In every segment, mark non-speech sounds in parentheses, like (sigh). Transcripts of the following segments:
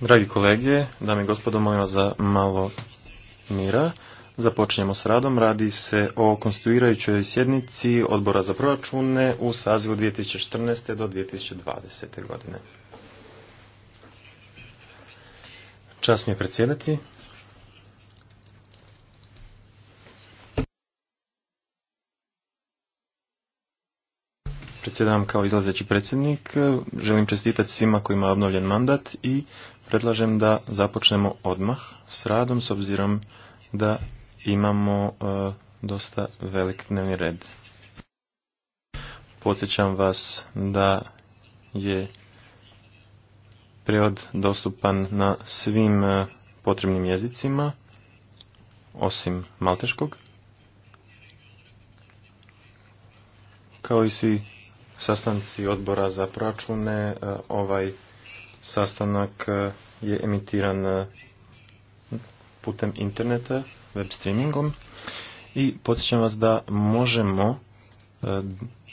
Dragi kolege, dame i gospodo, molim vas za malo mira. Započinjemo s radom. Radi se o konstituirajućoj sjednici odbora za proračune u sazivu 2014. do 2020. godine. Čas mi je predsjedati. predsjedam kao izlazeći predsjednik. Želim čestitati svima kojima je obnovljen mandat i predlažem da započnemo odmah s radom s obzirom da imamo e, dosta velik dnevni red. Podsjećam vas da je prijevod dostupan na svim e, potrebnim jezicima osim malteškog. Kao i svi sastanci odbora za proračune. E, ovaj sastanak e, je emitiran e, putem interneta, web streamingom i podsjećam vas da možemo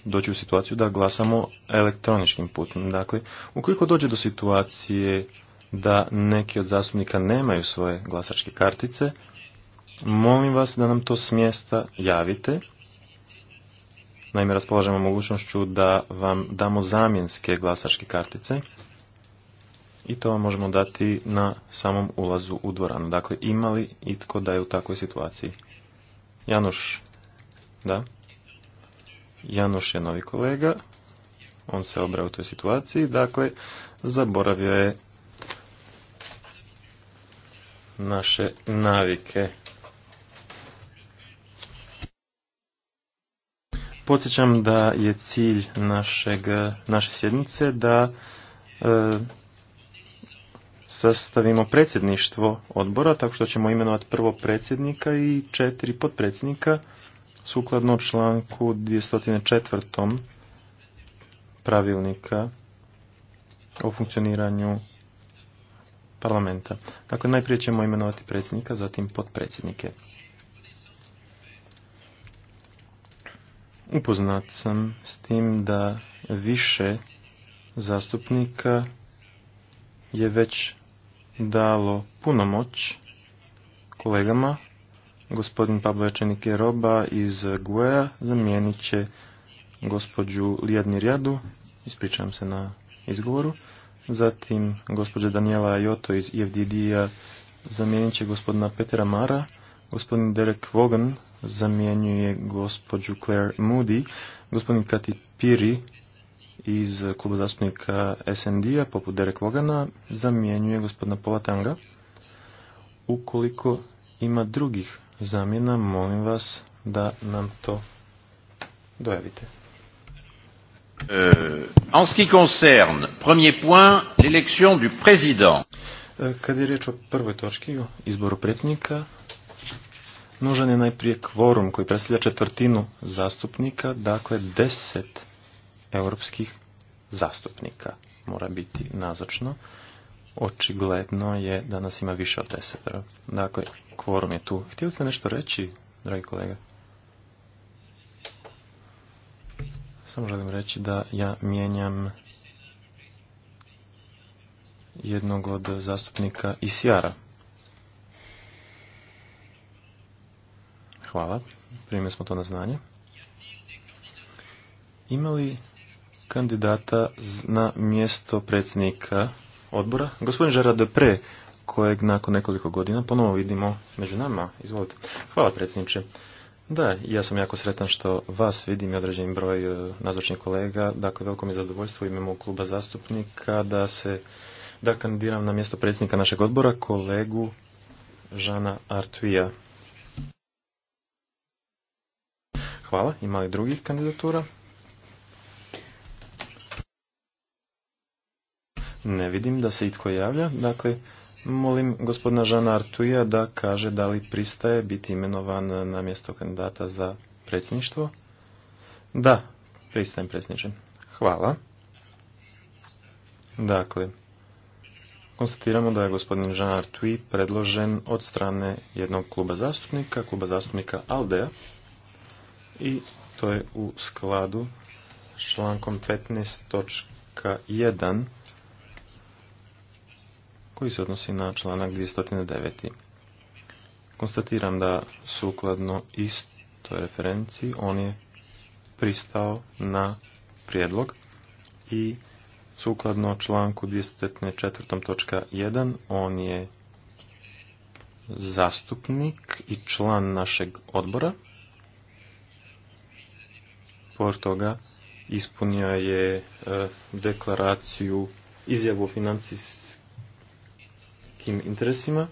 doći u situaciju da glasamo elektroničkim putem. Dakle, ukoliko dođe do situacije da neki od zastupnika nemaju svoje glasačke kartice, molim vas da nam to s mjesta javite Naime, raspolažemo mogućnošću da vam damo zamjenske glasačke kartice i to vam možemo dati na samom ulazu u dvoranu. Dakle, ima li itko da je u takvoj situaciji? Januš, da? Januš je novi kolega, on se obrao u toj situaciji, dakle, zaboravio je naše navike. Podsjećam da je cilj našeg, naše sjednice da e, sastavimo predsjedništvo odbora, tako što ćemo imenovati prvo predsjednika i četiri potpredsjednika sukladno članku 204. pravilnika o funkcioniranju parlamenta. Dakle, najprije ćemo imenovati predsjednika, zatim potpredsjednike. Upoznat sam s tim da više zastupnika je već dalo punomoć kolegama. Gospodin Pablo je Roba iz Guea zamijenit će gospođu Lijedni Rjadu, ispričavam se na izgovoru, zatim gospođa Daniela Joto iz IFDD-a zamijenit će gospodina Petera Mara, Gospodin Derek Vogan zamjenjuje gospođu Claire Moody. Gospodin Kati Piri iz kluba zastupnika SND-a, poput Derek Vogana, zamjenjuje gospodina Pola Tanga. Ukoliko ima drugih zamjena, molim vas da nam to dojavite. Euh, en ce qui concerne, premier point, l'élection du président. Euh, kad je riječ o prvoj točki, o izboru predsjednika, nužan je najprije kvorum koji predstavlja četvrtinu zastupnika, dakle deset europskih zastupnika mora biti nazočno. Očigledno je da nas ima više od deset. Dakle, kvorum je tu. Htjeli ste nešto reći, dragi kolega? Samo želim reći da ja mijenjam jednog od zastupnika ICR-a. Hvala. Primili smo to na znanje. li kandidata na mjesto predsjednika odbora? Gospodin Žara pre kojeg nakon nekoliko godina ponovo vidimo među nama. Izvolite. Hvala predsjedniče. Da, ja sam jako sretan što vas vidim i određen broj e, nazočnih kolega. Dakle, veliko mi je zadovoljstvo u ime kluba zastupnika da se da kandidiram na mjesto predsjednika našeg odbora kolegu Žana Artuija. Hvala. Ima li drugih kandidatura? Ne vidim da se itko javlja. Dakle, molim gospodina Žana Artuja da kaže da li pristaje biti imenovan na mjesto kandidata za predsjedništvo. Da, pristajem predsjedniče. Hvala. Dakle, konstatiramo da je gospodin Žan Artui predložen od strane jednog kluba zastupnika, kluba zastupnika Aldea i to je u skladu s člankom 15.1 koji se odnosi na članak 209. Konstatiram da sukladno istoj referenciji on je pristao na prijedlog i sukladno članku 204.1 on je zastupnik i član našeg odbora Pored toga ispunio je e, deklaraciju izjavu o financijskim interesima,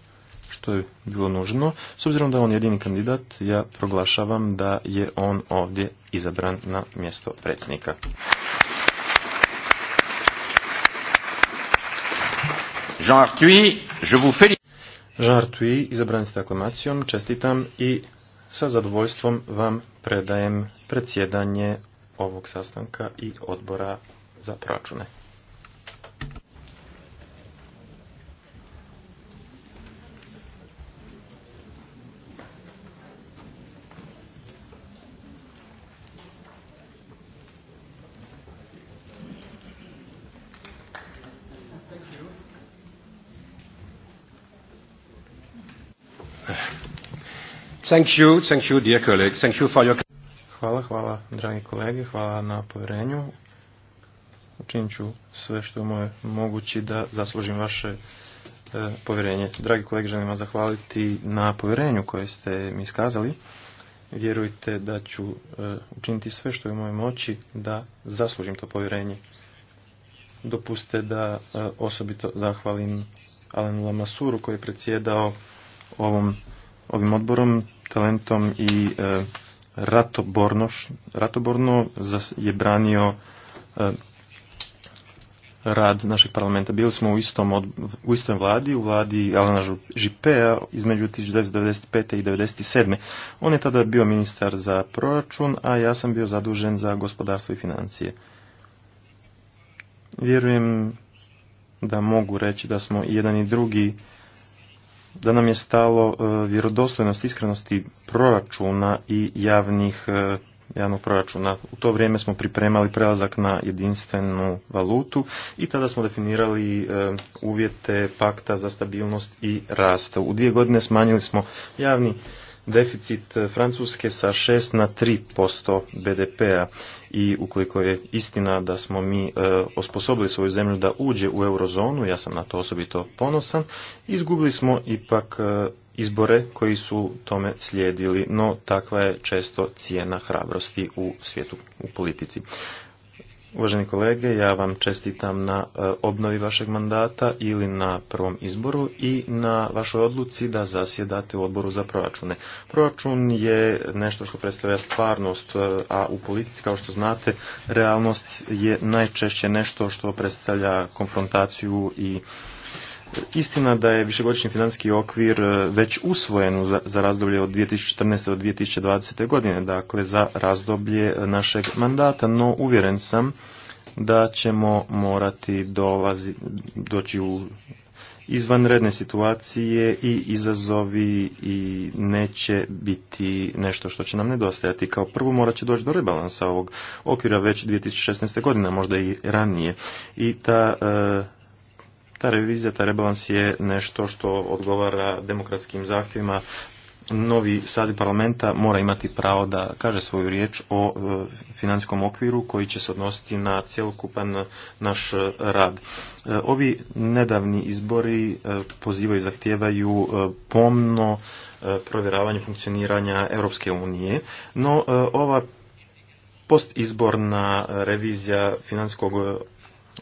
što je bilo nužno. S obzirom da je on jedini kandidat, ja proglašavam da je on ovdje izabran na mjesto predsjednika. Jean Arthuis, je vous félicite. Jean izabran ste aklamacijom, čestitam i sa zadovoljstvom vam predajem predsjedanje ovog sastanka i odbora za proračune. Thank Hvala, hvala, dragi kolege, hvala na povjerenju. Učinit ću sve što je moje mogući da zaslužim vaše e, povjerenje. Dragi kolege, želim vam zahvaliti na povjerenju koje ste mi iskazali. Vjerujte da ću e, učiniti sve što je u mojoj moći da zaslužim to povjerenje. Dopuste da e, osobito zahvalim Alenu Lamasuru koji je predsjedao ovom, ovim odborom talentom i e, ratoborno, ratoborno je branio e, rad našeg parlamenta. Bili smo u, istom od, u istoj vladi, u vladi Alana Žipea između 1995. i 1997. On je tada bio ministar za proračun, a ja sam bio zadužen za gospodarstvo i financije. Vjerujem da mogu reći da smo i jedan i drugi da nam je stalo e, vjerodostojnost, iskrenosti proračuna i javnih e, javnog proračuna. U to vrijeme smo pripremali prelazak na jedinstvenu valutu i tada smo definirali e, uvjete pakta za stabilnost i rast. U dvije godine smanjili smo javni deficit e, Francuske sa 6 na 3% BDP-a i ukoliko je istina da smo mi e, osposobili svoju zemlju da uđe u eurozonu, ja sam na to osobito ponosan, izgubili smo ipak e, izbore koji su tome slijedili, no takva je često cijena hrabrosti u svijetu, u politici. Uvaženi kolege, ja vam čestitam na e, obnovi vašeg mandata ili na prvom izboru i na vašoj odluci da zasjedate u odboru za proračune. Proračun je nešto što predstavlja stvarnost, e, a u politici, kao što znate, realnost je najčešće nešto što predstavlja konfrontaciju i Istina da je višegodišnji financijski okvir e, već usvojen za razdoblje od 2014. do 2020. godine, dakle za razdoblje e, našeg mandata, no uvjeren sam da ćemo morati dolazi, doći u izvanredne situacije i izazovi i neće biti nešto što će nam nedostajati. Kao prvo morat će doći do rebalansa ovog okvira već 2016. godine, možda i ranije. I ta e, ta revizija, ta rebalans je nešto što odgovara demokratskim zahtjevima novi saziv parlamenta mora imati pravo da kaže svoju riječ o e, financijskom okviru koji će se odnositi na cjelokupan naš rad. E, ovi nedavni izbori e, pozivaju i zahtijevaju pomno provjeravanje funkcioniranja Europske unije, no ova postizborna revizija financijskog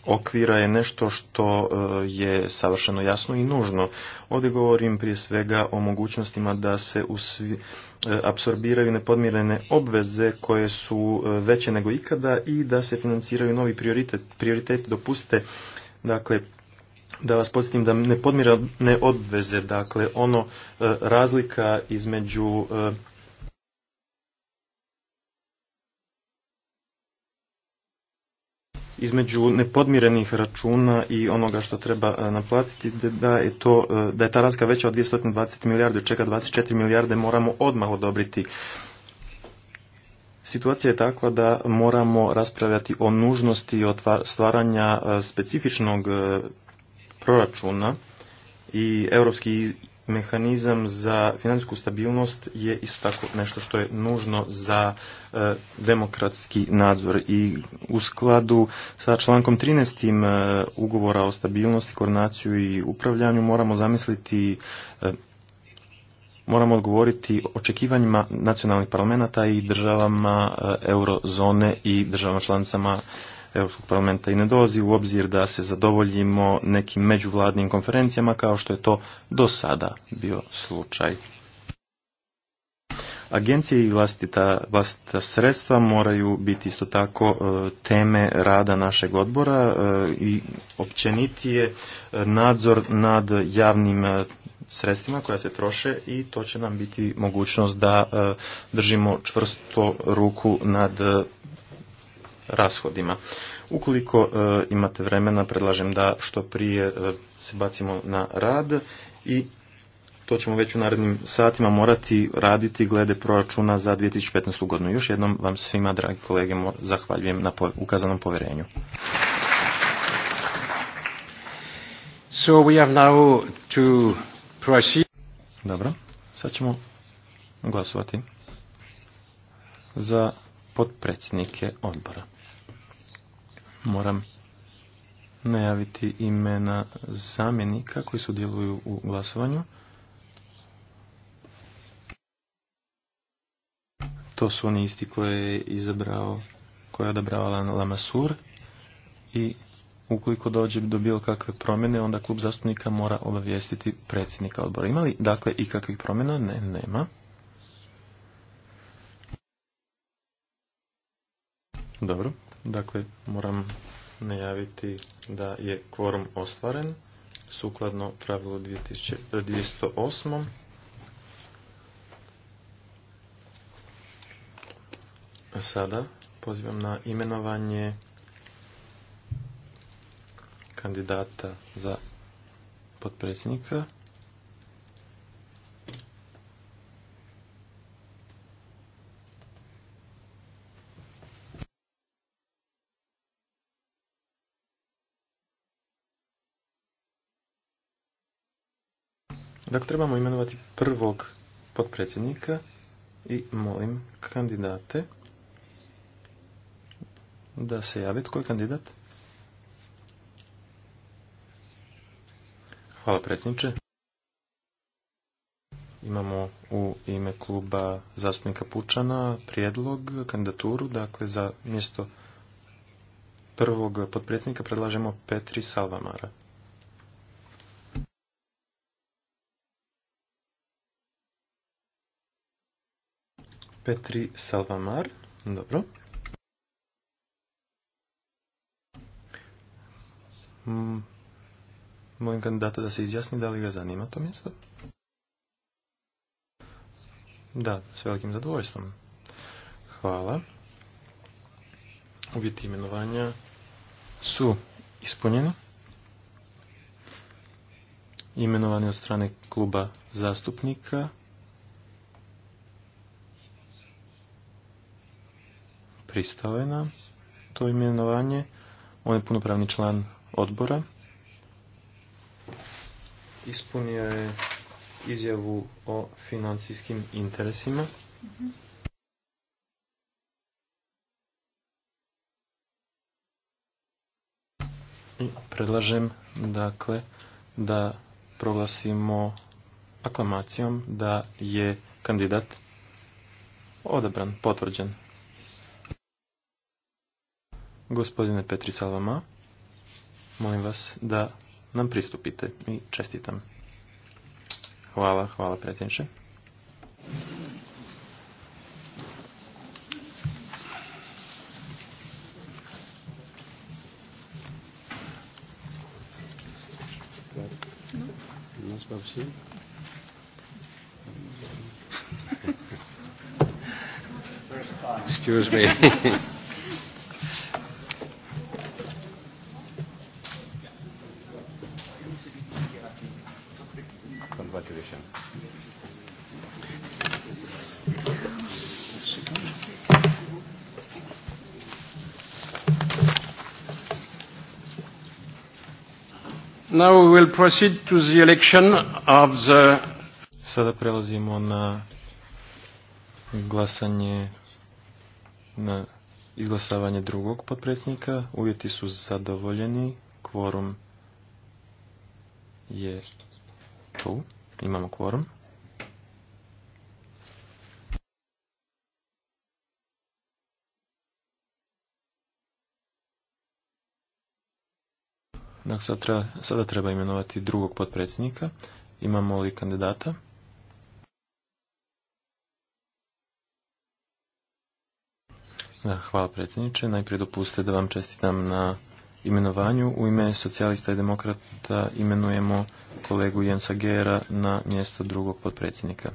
okvira je nešto što e, je savršeno jasno i nužno. Ovdje govorim prije svega o mogućnostima da se usvi, e, apsorbiraju nepodmirene obveze koje su e, veće nego ikada i da se financiraju novi prioritet, prioriteti dopuste dakle da vas podsjetim da nepodmirene obveze dakle ono razlika između između nepodmirenih računa i onoga što treba e, naplatiti, da je, to, e, da je ta razlika veća od 220 milijarde, od čega 24 milijarde moramo odmah odobriti. Situacija je takva da moramo raspravljati o nužnosti stvaranja e, specifičnog proračuna i europski mehanizam za financijsku stabilnost je isto tako nešto što je nužno za e, demokratski nadzor i u skladu sa člankom 13. E, ugovora o stabilnosti, koordinaciju i upravljanju moramo zamisliti e, moramo odgovoriti očekivanjima nacionalnih parlamenta i državama eurozone i državama članicama Europskog parlamenta i ne dolazi u obzir da se zadovoljimo nekim međuvladnim konferencijama kao što je to do sada bio slučaj. Agencije i vlastita, vlastita sredstva moraju biti isto tako e, teme rada našeg odbora e, i općenitije e, nadzor nad javnim sredstvima koja se troše i to će nam biti mogućnost da držimo čvrsto ruku nad rashodima. Ukoliko e, imate vremena, predlažem da što prije e, se bacimo na rad i to ćemo već u narednim satima morati raditi glede proračuna za 2015. godinu. Još jednom vam svima, dragi kolege, zahvaljujem na ukazanom povjerenju. So we have now to proceed. Dobro, sad ćemo glasovati za potpredsjednike odbora moram najaviti imena zamjenika koji sudjeluju u glasovanju. To su oni isti koje je izabrao, koje je odabrao Lamasur i ukoliko dođe do bilo kakve promjene, onda klub zastupnika mora obavijestiti predsjednika odbora. Imali li dakle kakvih promjena? Ne, nema. Dobro, Dakle, moram najaviti da je kvorum ostvaren sukladno pravilu 208. E, sada pozivam na imenovanje kandidata za potpredsjednika. Dakle, trebamo imenovati prvog potpredsjednika i molim kandidate da se javi Tko je kandidat? Hvala predsjedniče. Imamo u ime kluba zastupnika Pučana prijedlog, kandidaturu, dakle za mjesto prvog potpredsjednika predlažemo Petri Salvamara. Petri Salvamar. Dobro. Mm, Mojim kandidata da se izjasni da li ga zanima to mjesto. Da, s velikim zadovoljstvom. Hvala. Uvjeti imenovanja su ispunjeni. Imenovani od strane kluba zastupnika pristao je na to imenovanje. On je punopravni član odbora. Ispunio je izjavu o financijskim interesima. I predlažem dakle da proglasimo aklamacijom da je kandidat odabran, potvrđen. Gospodine Petri Ma molim vas da nam pristupite i čestitam. Hvala, hvala predsjedniče. Excuse me. (laughs) Now we will proceed to the election of the... Sada prelazimo na glasanje na izglasavanje drugog potpredsjednika. Uvjeti su zadovoljeni. Kvorum je tu. Imamo kvorum. sada treba, sada treba imenovati drugog potpredsjednika. Imamo li kandidata? Da, hvala predsjedniče. Najprije dopustite da vam čestitam na imenovanju. U ime socijalista i demokrata imenujemo kolegu Jensa Gera na mjesto drugog potpredsjednika.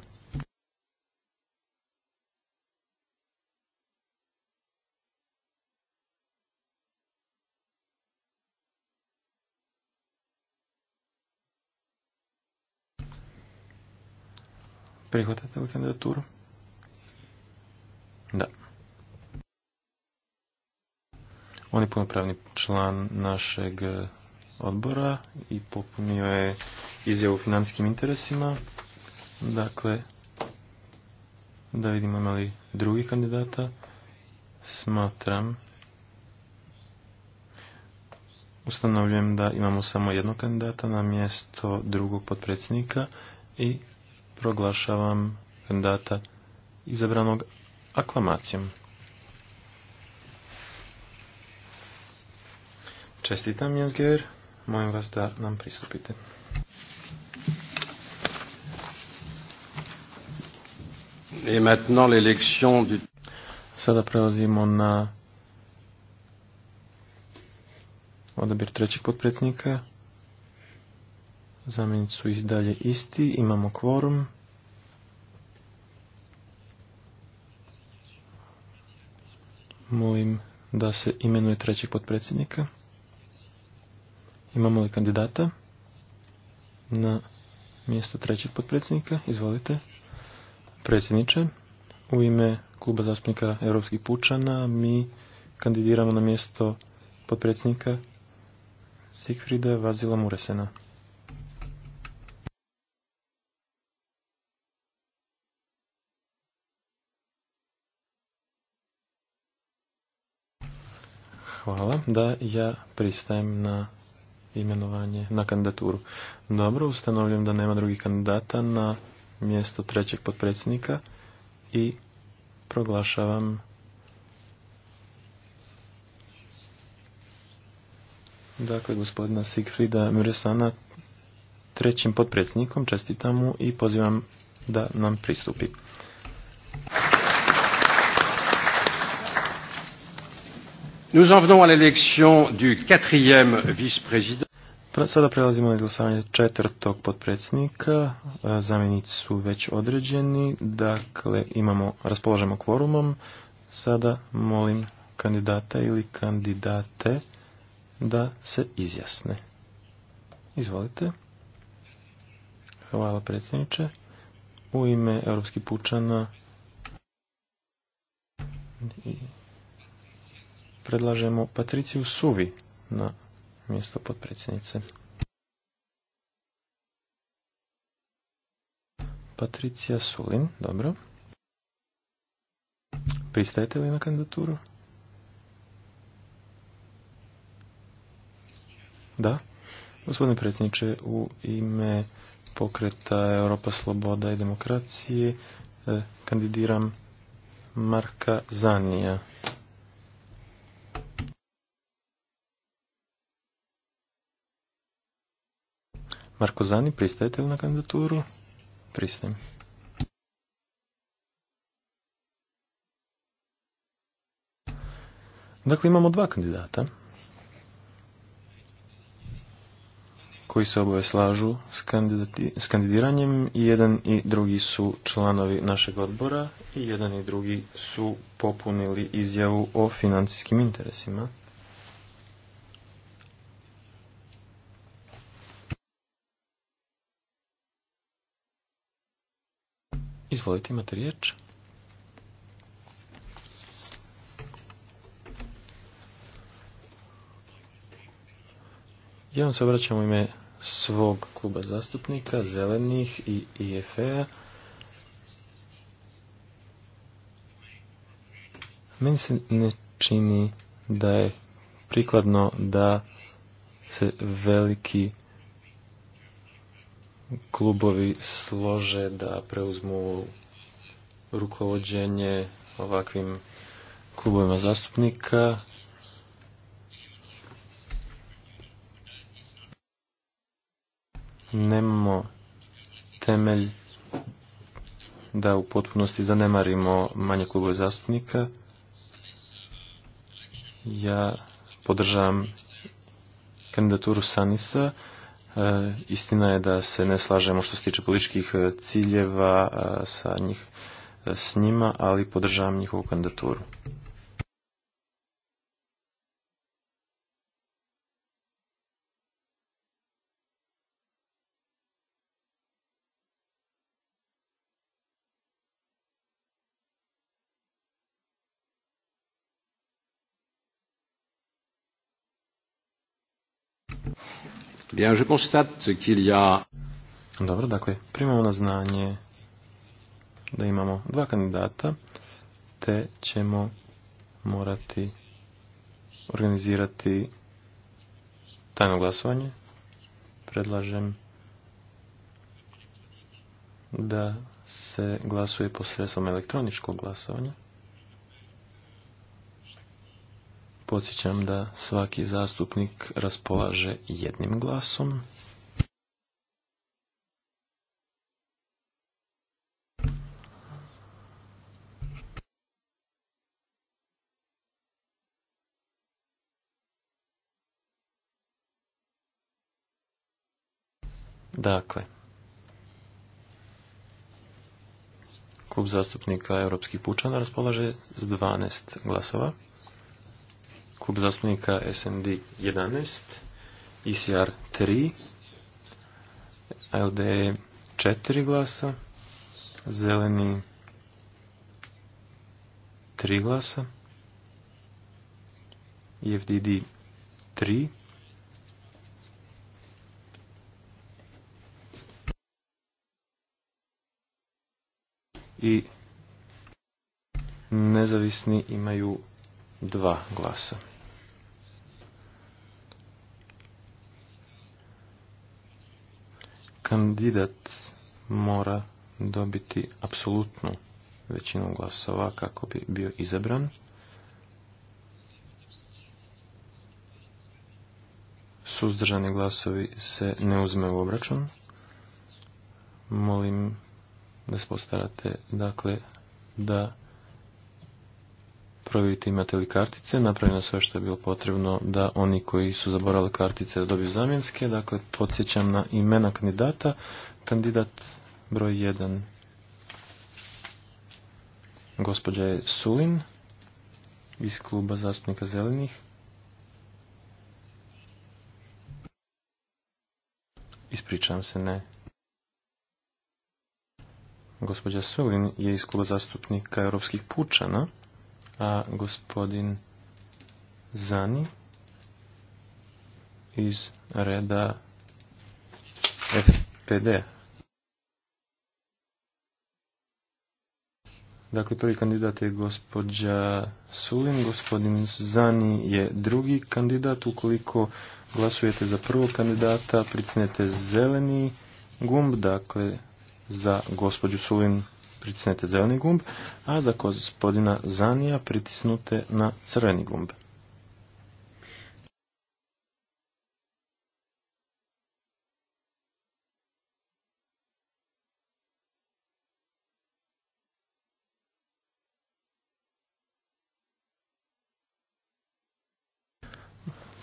Prihvatate li kandidaturu? Da. On je punopravni član našeg eh, odbora i popunio je izjavu o financijskim interesima. Dakle, da vidimo ima drugi kandidata. Smatram, ustanovljujem da imamo samo jednog kandidata na mjesto drugog potpredsjednika i proglašavam kandidata izabranog aklamacijom. Čestitam, Jens mojem Molim vas da nam pristupite. Et maintenant l'élection du... Sada prelazimo na odabir trećeg potpredsjednika. Zamjenici su i dalje isti. Imamo kvorum. Molim da se imenuje trećeg potpredsjednika. Imamo li kandidata na mjesto trećeg potpredsjednika? Izvolite. Predsjedniče, u ime Kluba zastupnika Europskih pučana mi kandidiramo na mjesto potpredsjednika Sigfrida Vazila Muresena. Hvala da ja pristajem na imenovanje, na kandidaturu. Dobro, ustanovljam da nema drugih kandidata na mjesto trećeg potpredsjednika i proglašavam dakle gospodina Sigfrida Muresana trećim potpredsjednikom, čestitam mu i pozivam da nam pristupi. Nous en venons à l'élection du vice-président. Sada prelazimo na glasovanje četvrtog potpredsjednika. E, zamjenici su već određeni. Dakle, imamo, raspolažemo kvorumom. Sada molim kandidata ili kandidate da se izjasne. Izvolite. Hvala predsjedniče. U ime Europskih pučana predlažemo Patriciju Suvi na mjesto potpredsjednice. Patricija Sulin, dobro. Pristajete li na kandidaturu? Da. Gospodine predsjedniče, u ime pokreta Europa Sloboda i Demokracije eh, kandidiram Marka Zanija. Marko Zani, pristajete li na kandidaturu? Pristajem. Dakle, imamo dva kandidata koji se oboje slažu s, s kandidiranjem i jedan i drugi su članovi našeg odbora i jedan i drugi su popunili izjavu o financijskim interesima. Izvolite, imate riječ. Ja vam se obraćam u ime svog kluba zastupnika, Zelenih i IFE-a. Meni se ne čini da je prikladno da se veliki klubovi slože da preuzmu rukovođenje ovakvim klubovima zastupnika. Nemamo temelj da u potpunosti zanemarimo manje klubove zastupnika. Ja podržavam kandidaturu Sanisa E, istina je da se ne slažemo što se tiče političkih e, ciljeva e, sa njih, s njima, ali podržavam njihovu kandidaturu. Bien, je constate qu'il y Dobro, dakle, primamo na znanje da imamo dva kandidata, te ćemo morati organizirati tajno glasovanje. Predlažem da se glasuje posredstvom elektroničkog glasovanja. Podsjećam da svaki zastupnik raspolaže jednim glasom. Dakle, klub zastupnika Europskih pučana raspolaže s 12 glasova klub zastupnika SND 11, ICR 3, LD 4 glasa, zeleni 3 glasa, IFDD e 3, i nezavisni imaju dva glasa. kandidat mora dobiti apsolutnu većinu glasova kako bi bio izabran. Suzdržani glasovi se ne uzme u obračun. Molim da se dakle da provjeriti imate li kartice. Napravljeno sve što je bilo potrebno da oni koji su zaboravili kartice dobiju zamjenske. Dakle, podsjećam na imena kandidata. Kandidat broj 1. Gospođa je Sulin iz kluba zastupnika zelenih. Ispričavam se, ne. Gospođa Sulin je iz kluba zastupnika europskih pučana a gospodin Zani iz reda FPD. Dakle, prvi kandidat je gospođa Sulin, gospodin Zani je drugi kandidat. Ukoliko glasujete za prvog kandidata, pricnete zeleni gumb, dakle, za gospođu Sulin pritisnete zeleni gumb, a za gospodina Zanija pritisnute na crveni gumb.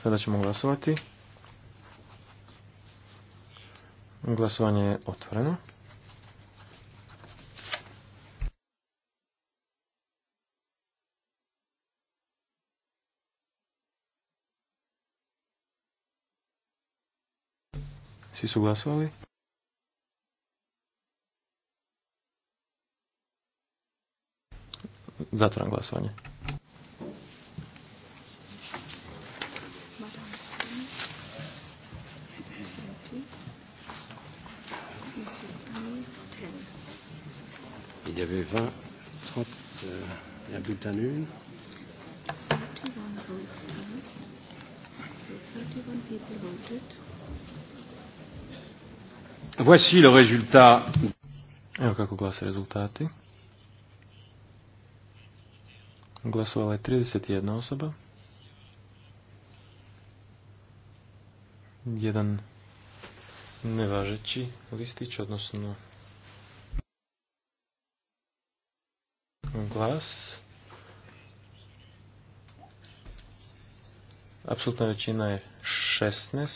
Sada ćemo glasovati. Glasovanje je otvoreno. Svi su glasovali? Zatvoram glasovanje. Il y avait 20, 30, euh, la bulletin nul. So 31 people voted. Voici le résultat. Evo kako glase rezultati. Glasovala je 31 osoba. Jedan nevažeći listić, odnosno glas. Apsolutna većina je 16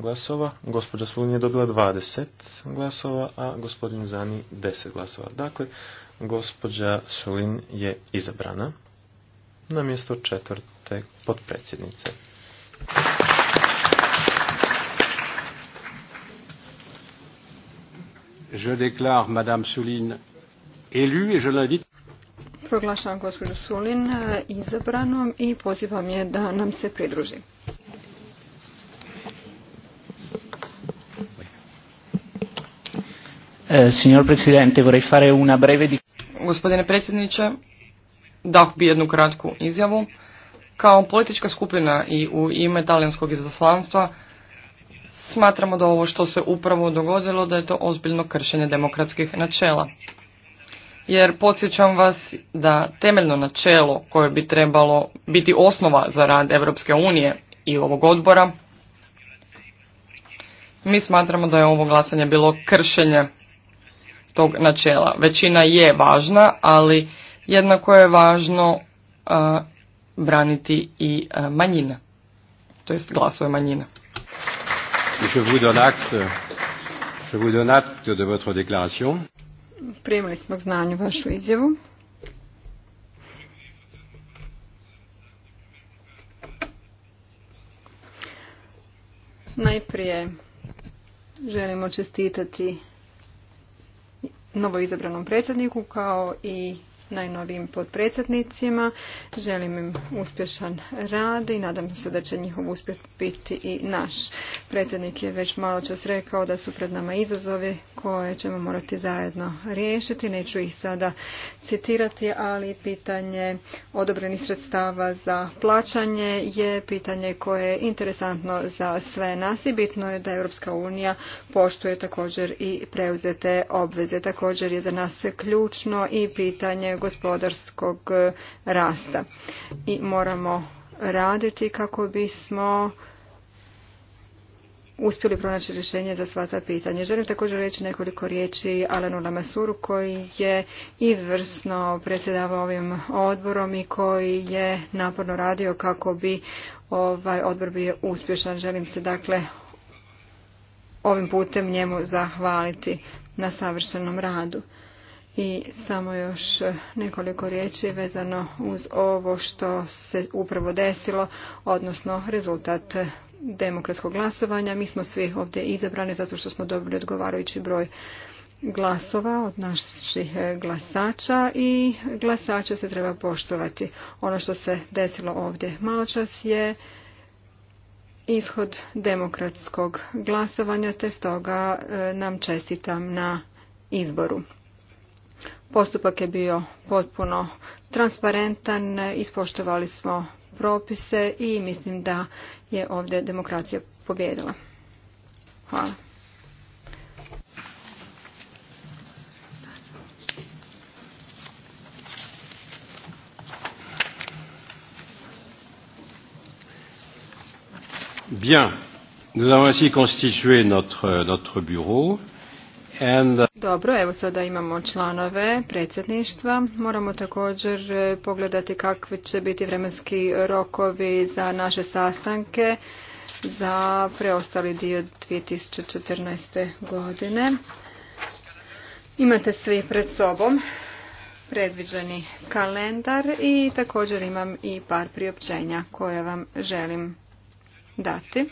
glasova, gospođa Sulin je dobila 20 glasova, a gospodin Zani 10 glasova. Dakle, gospođa Sulin je izabrana na mjesto četvrte potpredsjednice. Je déclare Madame Souline élue et je l'invite proglašavam gospođu Sulin izabranom i pozivam je da nam se pridruži. Eh, Gospodine predsjedniče, dao bi jednu kratku izjavu. Kao politička skupina i u ime talijanskog izaslanstva smatramo da ovo što se upravo dogodilo da je to ozbiljno kršenje demokratskih načela. Jer podsjećam vas da temeljno načelo koje bi trebalo biti osnova za rad Europske unije i ovog odbora, mi smatramo da je ovo glasanje bilo kršenje tog načela. Većina je važna, ali jednako je važno braniti i uh, to jest glasove manjina. Je vous donne acte, je vous donne acte de Primili smo k znanju vašu izjavu. Najprije želimo čestitati novoizabranom predsjedniku kao i najnovijim podpredsjednicima. Želim im uspješan rad i nadam se da će njihov uspjeh biti i naš. Predsjednik je već malo čas rekao da su pred nama izazovi koje ćemo morati zajedno riješiti. Neću ih sada citirati, ali pitanje odobrenih sredstava za plaćanje je pitanje koje je interesantno za sve nas i bitno je da Europska unija poštuje također i preuzete obveze. Također je za nas ključno i pitanje gospodarskog e, rasta. I moramo raditi kako bismo uspjeli pronaći rješenje za sva ta pitanja. Želim također reći nekoliko riječi alenu Lamasuru koji je izvrsno predsjedavao ovim odborom i koji je naporno radio kako bi ovaj odbor bio uspješan. Želim se dakle ovim putem njemu zahvaliti na savršenom radu. I samo još nekoliko riječi vezano uz ovo što se upravo desilo, odnosno rezultat demokratskog glasovanja. Mi smo svi ovdje izabrani zato što smo dobili odgovarajući broj glasova od naših glasača i glasače se treba poštovati. Ono što se desilo ovdje maločas je ishod demokratskog glasovanja, te stoga e, nam čestitam na izboru. Postupak je bio potpuno transparentan, ispoštovali smo propise i mislim da je ovdje demokracija pobjedila. Hvala. Bien, nous avons ainsi constitué notre, notre bureau. Uh, Dobro, evo sada imamo članove predsjedništva. Moramo također e, pogledati kakvi će biti vremenski rokovi za naše sastanke za preostali dio 2014. godine. Imate svi pred sobom predviđeni kalendar i također imam i par priopćenja koje vam želim dati.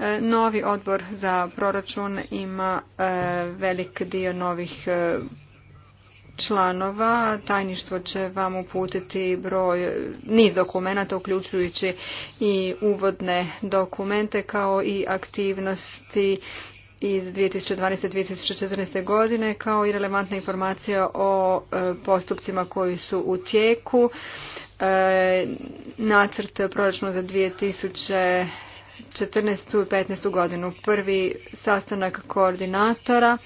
E, novi odbor za proračun ima e, velik dio novih e, članova. Tajništvo će vam uputiti broj, niz dokumenata uključujući i uvodne dokumente kao i aktivnosti iz 2012-2014. godine kao i relevantna informacija o postupcima koji su u tijeku. Nacrt proračuna za 2000 14. i 15. godinu. Prvi sastanak koordinatora.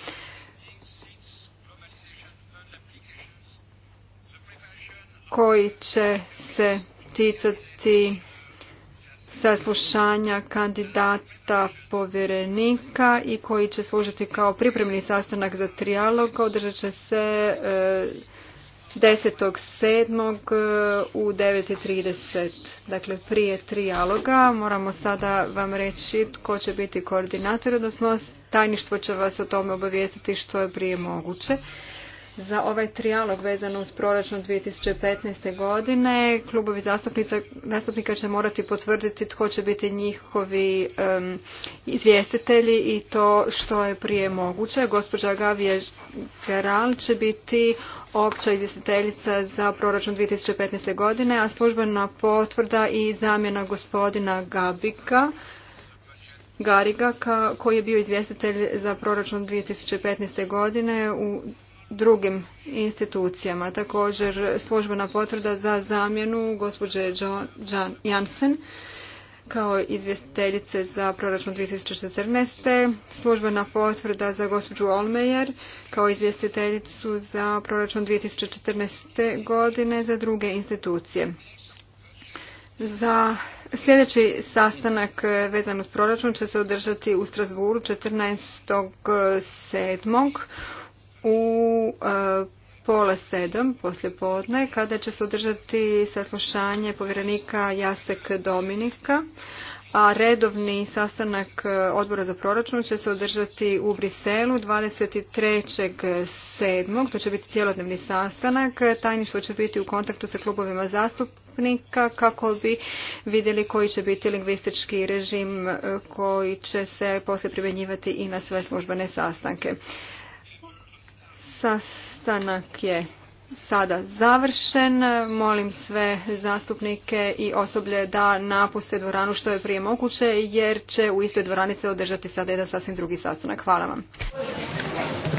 koji će se ticati saslušanja kandidata povjerenika i koji će služiti kao pripremni sastanak za trijalog. Održat će se e, 10.7. E, u 9.30. Dakle, prije trijaloga moramo sada vam reći tko će biti koordinator, odnosno tajništvo će vas o tome obavijestiti što je prije moguće za ovaj trijalog vezano uz proračun 2015. godine. Klubovi zastupnika će morati potvrditi tko će biti njihovi izvjestitelji i to što je prije moguće. Gospođa Gavije Geral će biti opća izvjestiteljica za proračun 2015. godine, a službena potvrda i zamjena gospodina Gabika. Gariga koji je bio izvjestitelj za proračun 2015. godine u drugim institucijama. Također službena potvrda za zamjenu gospođe Jan Jansen kao izvjestiteljice za proračun 2014. Službena potvrda za gospođu Olmejer kao izvjestiteljicu za proračun 2014. godine za druge institucije. Za sljedeći sastanak vezan uz proračun će se održati u Strasburu 7 u e, pola sedam poslje podne kada će se održati saslušanje povjerenika Jasek Dominika a redovni sastanak odbora za proračun će se održati u Briselu 23.7. To će biti cjelodnevni sastanak. Tajništvo će biti u kontaktu sa klubovima zastupnika kako bi vidjeli koji će biti lingvistički režim koji će se poslije primjenjivati i na sve službene sastanke. Sastanak je sada završen. Molim sve zastupnike i osoblje da napuste dvoranu što je prije moguće jer će u istoj dvorani se održati sada jedan sasvim drugi sastanak. Hvala vam.